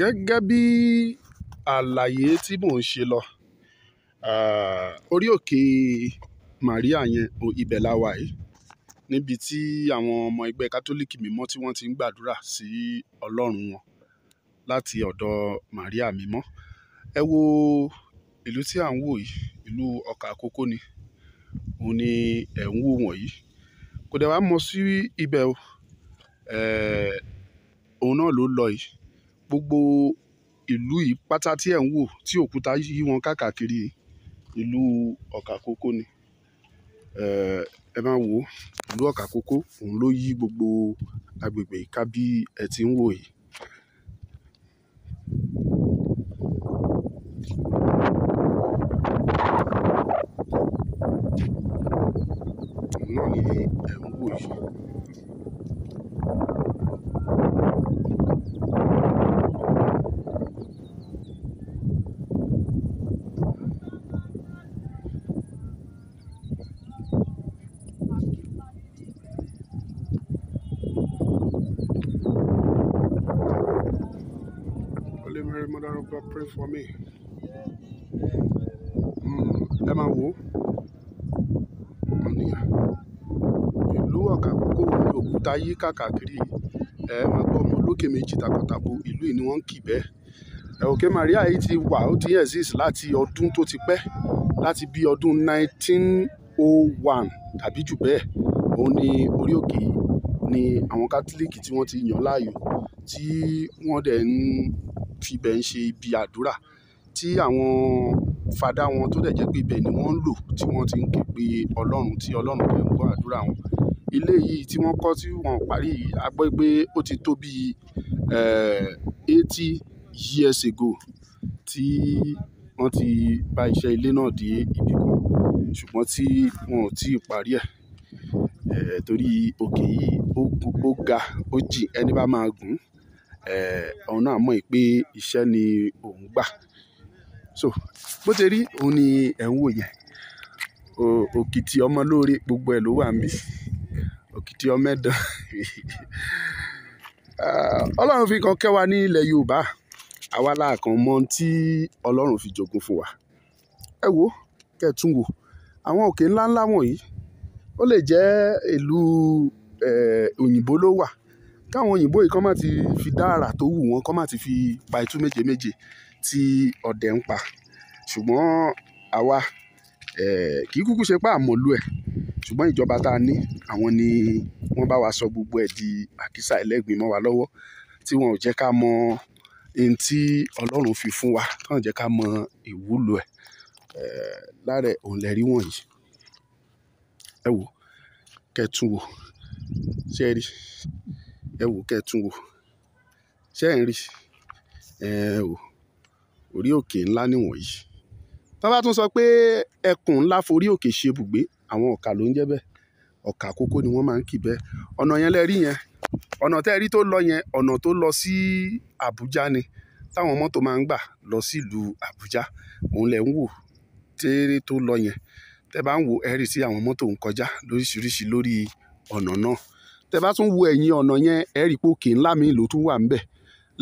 gẹ́gẹ́ bí àlàyé tí mò ń ṣe lọ orí òkè Màríà yẹn ibẹ̀ la wà yìí níbi tí àwọn ọmọ ẹgbẹ́ kátólíìkì mímọ́ tí wọ́n ti ń gbàdúrà sí ọlọ́run wọn láti ọ̀dọ̀ Màríà mímọ́ ẹ wo ìlú tí à ń wò yìí ìlú ọkà àkókò ni òun ni ẹ̀ ń wò wọ̀nyí kò dẹ̀ wá mọ sí ibẹ̀ o òun náà ló lọ yìí gbogbo ìlú yìí pátá tí ẹ̀ ń wò tí òkúta yí wọn káàkiri ìlú ọ̀kàkókó ni ẹ máa wò ó ìlú ọ̀kàkókó òun ló yí gbogbo agbègbè ìka bí ẹ ti ń wò yìí. náà ni ẹ̀ ń wò yìí. Mary, Mother of God, pray for me. Hmm, ẹ máa wò ó. Ìlú Ọ̀kàkókó ni òkúta yí kàkàkiri. Ẹ máa gbọ́ ọmọ olókè méjì takọtabo. Ìlú yìí ni wọ́n ń kì bẹ́ẹ̀. Òkè Màríà yìí ti wà, ó ti exist láti ọdún tó ti pẹ́, láti bí ọdún 1901 tàbí jù bẹ́ẹ̀. Òun ni orí òkè yìí ni àwọn Kátólíìkì tí wọ́n ti yàn láàyò tí wọ́n dẹ̀ ń fi ibẹ̀ ń ṣe ibi àdúrà tí àwọn fada wọn tó dẹ̀ jẹ́ pé ibẹ̀ ni wọ́n ń lò tí wọ́n ti ń ké pe ọlọ́run tí ọlọ́run dẹ̀ ń gbọ́ àdúrà wọn ilé yìí tí wọ́n kọ́ tí wọ́n parí yìí a gbọ́ pé ó ti tó bí eh, eighty years ago tí wọ́n ti bá iṣẹ́ ilé náà dé ibì kan ṣùgbọ́n tí wọn ò tí ì parí ẹ̀ eh, torí òkè yìí ó ga ó jì ẹni bá máa gùn ún Eh, òun náà mọ̀ pé iṣẹ́ ni òun gbà so bó ti rí òun ni ẹ̀ ń wò yẹn òkìtì ọmọ lóore gbogbo ẹ̀ ló wà mí òkìtì ọmọ ẹ̀dán ah, ọlọ́run fi kan kẹ́ wa ní ilẹ̀ yorùbá àwa láàkàn mọ tí ọlọ́run fi jogún fún wa ẹ wo kẹtùn wò àwọn òkè ńláńlá wọ̀nyí ó lè jẹ́ ìlú eh, òyìnbó ló wà káwọn òyìnbó yìí kọ́ má ti fi dá àrà tó wù wọ́n kọ́ má ti fi pa itú méje méje tí ọ̀dẹ̀ ń pa ṣùgbọ́n àwa kì í kúkú ṣe pé àmọ́lú ẹ̀ ṣùgbọ́n ìjọba tá a ní àwọn ni wọ́n bá wa sọ gbogbo ẹ̀ di àkísà ẹlẹ́gbìn mọ́ wa lọ́wọ́ tí wọn ò jẹ́ ká mọ ohun tí ọlọ́run fi fún wa kàn jẹ́ ká mọ ìwúlò ẹ̀ lára òun wọ̀nyí ẹ wò kẹtù wò ṣe rí ẹ wò kẹ́ ẹ tún wò ṣé ẹ̀ ń rí ẹ wò orí òkè ńlá nìwọ̀nyí tá bá tún sọ pé ẹkùn ńlá forí òkè ṣe bùgbé àwọn ọ̀kà ló ń jẹ́ bẹ́ẹ̀ ọ̀kà kókó ni wọ́n máa ń kì bẹ́ẹ̀ ọ̀nà yẹn lẹ́rí yẹn ọ̀nà tẹ́rí tó lọ yẹn ọ̀nà tó lọ sí Àbújá ni táwọn mọ́tò máa ń gbà lọ sílùú Àbújá òun lẹ̀ ń wò tẹ́rẹ́ tó lọ yẹn tẹ́ bá ń wò ẹ́ sí àwọn mọ́tò ń kọjá lóríṣiríṣi lórí ọ̀nà náà tẹ́ bá tún wo ẹ̀yìn ọ̀nà yẹn ẹ rí i pé òkè ńlá míì ló tún wà ńbẹ̀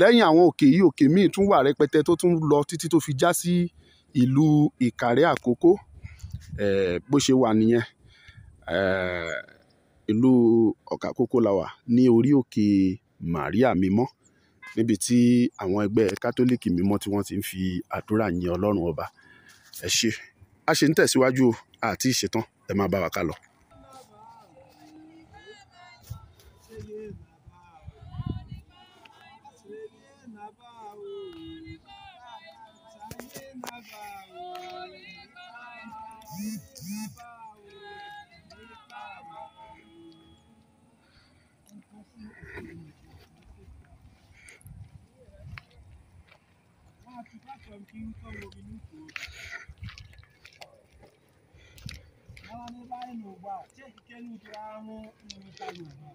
lẹ́yìn àwọn òkè yìí òkè míì tún wà rẹpẹtẹ tó tún lọ títí tó fi já sí ìlú ìkàrẹ́ àkókó bó ṣe wà nìyẹn ìlú ọ̀kàkókó la wà ní orí òkè Màríà mímọ́ níbi tí àwọn ẹgbẹ́ kátólíìkì mímọ́ tí wọ́n ti ń fi àdúrà yin ọlọ́run ọba ẹ ṣe a ṣe ń tẹ̀síwájú àti ìṣetán ẹ máa bá wa ká lọ. Àwọn ọmọ báyìí ló gbà, ṣé kíkẹ́ ló jẹ́ àwọn ohun ìtajà náà?